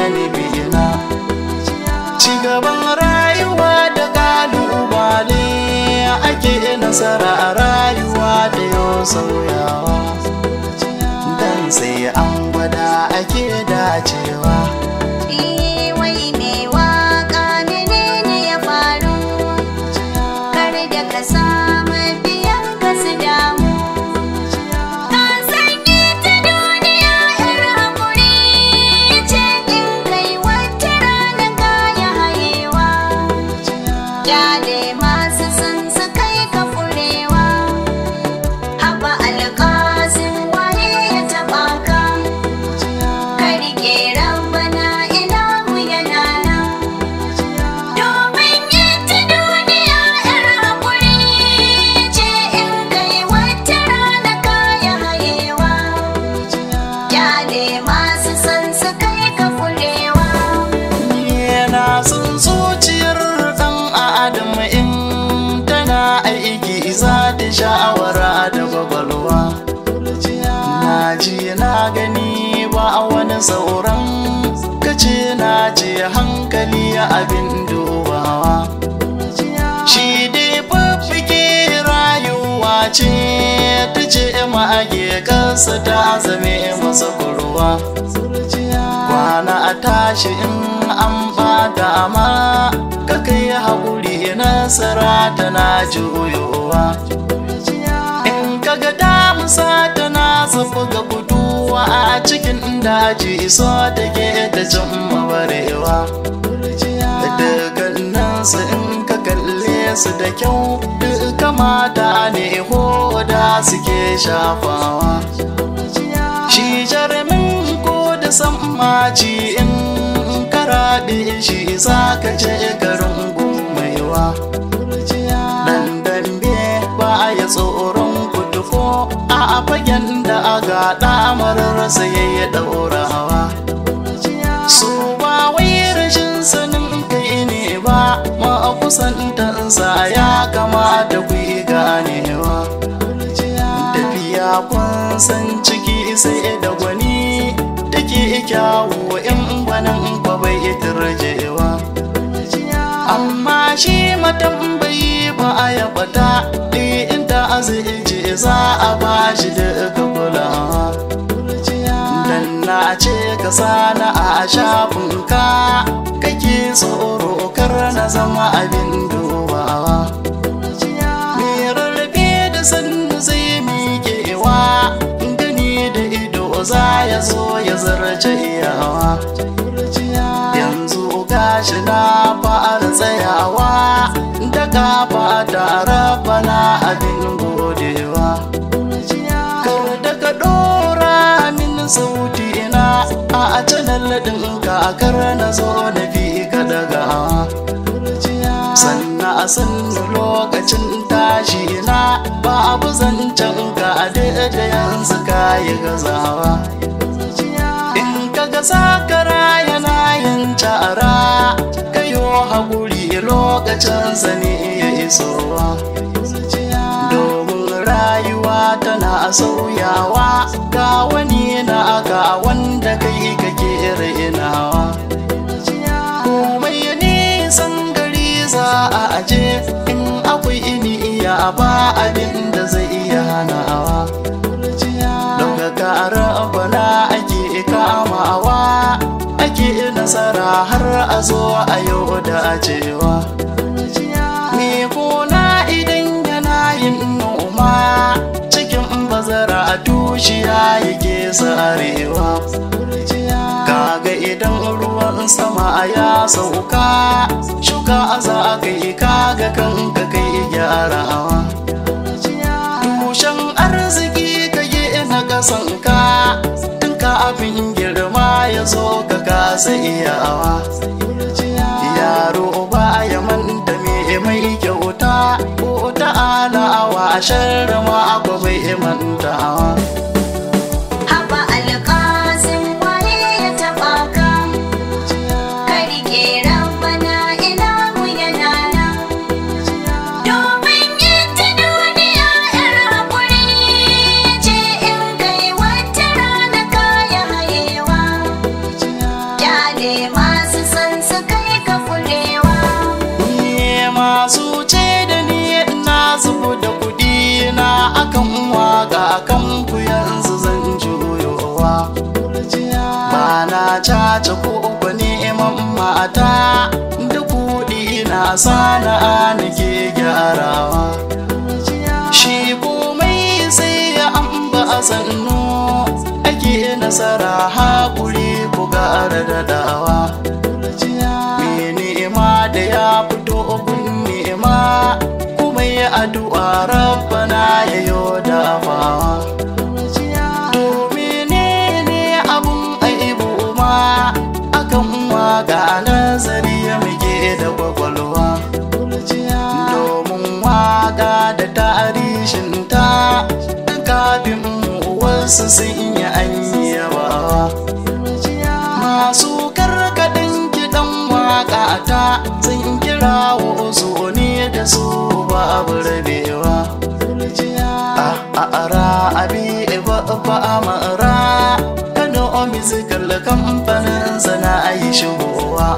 sani bijina ci gaban rayuwa da kalubale ake nasara a rayuwa cikin sha'awara da babalwa. na ji na gani ba a wani sauran kace na ce hankali abin dubawa shi dai faffike rayuwa ce ta ce ma'age kansa ta zame masa kurwa kwana a tashi in an ba dama ka kai haƙuri nasara tana juyowa in kaga damusa na zafi ga guduwa a cikin daji iso take da jin mabarewa dukkaninsu in ka kalle su da kyau duka mata ne hoda suke shafawa shi jarumin ko da san maci in karaɗe shi za ka je garin gumaiwa. sai ya daura hawa su ba wai rashin sanin kai ne ba ma a kusantansa ya kamata ku yi ganewa tafiya kun san ciki sai da gwani take kyawu in gwanin ba bai ita rajewa amma shi matambayi ba a yabata eh, in ta aziji za a bashi da kulawa na ce ka sana a shafinka kake tsoro kar na zama abin dubawa mai rarrafe da sannu zai miƙewa gani da ido za ya zo ya zarce iyawa yanzu gashi na fa'ar tsayawa da kafa da rabana abin gobe sauti ina a canan ladin ka kar na zo na fi ka daga sannan a san lokacin tashi ina ba abu zancen ka a da yanzu ka yi gazawa in ka ga sakara yana yin cara kayo haƙuri lokacin zane ya isowa domin rayuwa tana sauyawa ga nawa komai ya nisan gari za a aje in akwai ini iya ba abin da zai iya hanawa don ga kara bala ake kamawa ake nasara har a zo a yau da cewa me kona idan yana yin noma cikin bazara a tushiya yake sarewa idan ruwan sama ya sauka shuka aza kai yi kaga kan ka kai gyarawa tushen arziki ka yi na kasan ka tun ka abin girma ya zo ka kasa iyawa yaro ba ya manta me mai kyauta ko ta'ala a sharra rama akwai mantawa ta caca ko uku neman mata duk kuɗi na sana'a nake gyarawa shi komai sai ya amba a sannu ake nasara haƙuri ku ga daɗawa me ni'ima da ya fito gun ni'ima kuma ya addu'a rabbana ya masu sun yi anyewa masu karkadin kiɗan waƙa ta sun kira wa ne da su babu rabewa a ara abi e, ba ba amara kano musical kamfanin sana a yi shigowa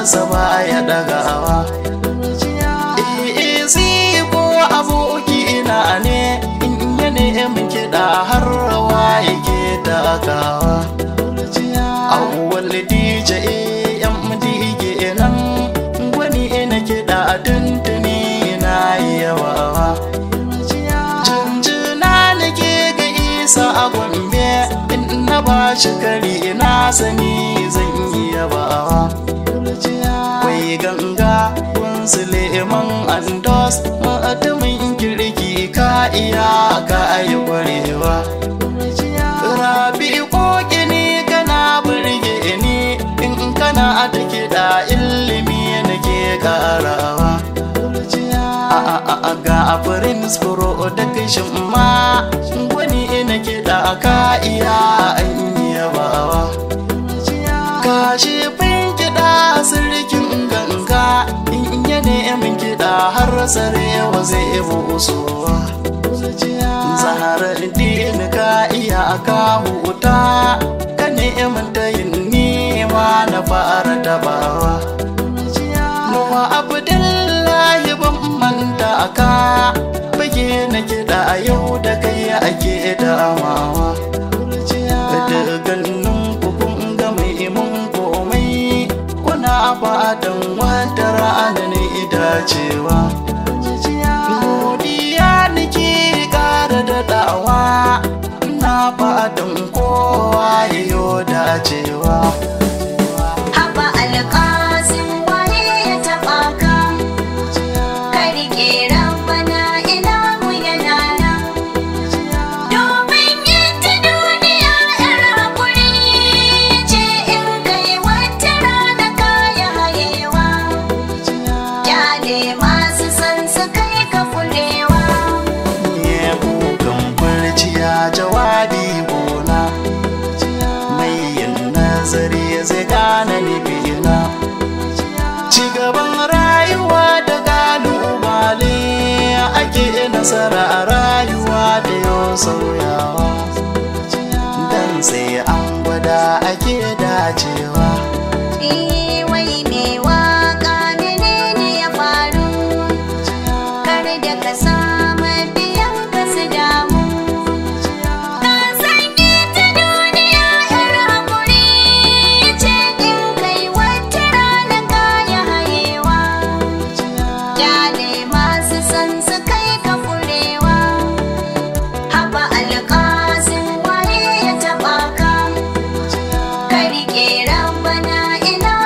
kansa ba ya dagawa isi eh, eh, ko aboki ina ne in ya nemi kiɗa har rawa yake dagawa awwal dj ke kenan wani ina kiɗa a na yi yawawa jinjina nake ga isa a gombe in na ba shi kari ina sani zan yi yabawa ganga kun suleiman andos mutumin kirki ka iya ka yi kwarewa rabi koki ne kana birge ni in kana da ilimi ilimi nake karawa A ga prince kuro da kishin ma wani ina kiɗa ka iya an yabawa kashi fin kiɗa sun sarewa zai usuwa zahara dini ka iya aka huta ka ne'imanta yin nima na fara tabawa don kowa yayo dacewa. Haba alƙawar dacewa riƙe ramana ina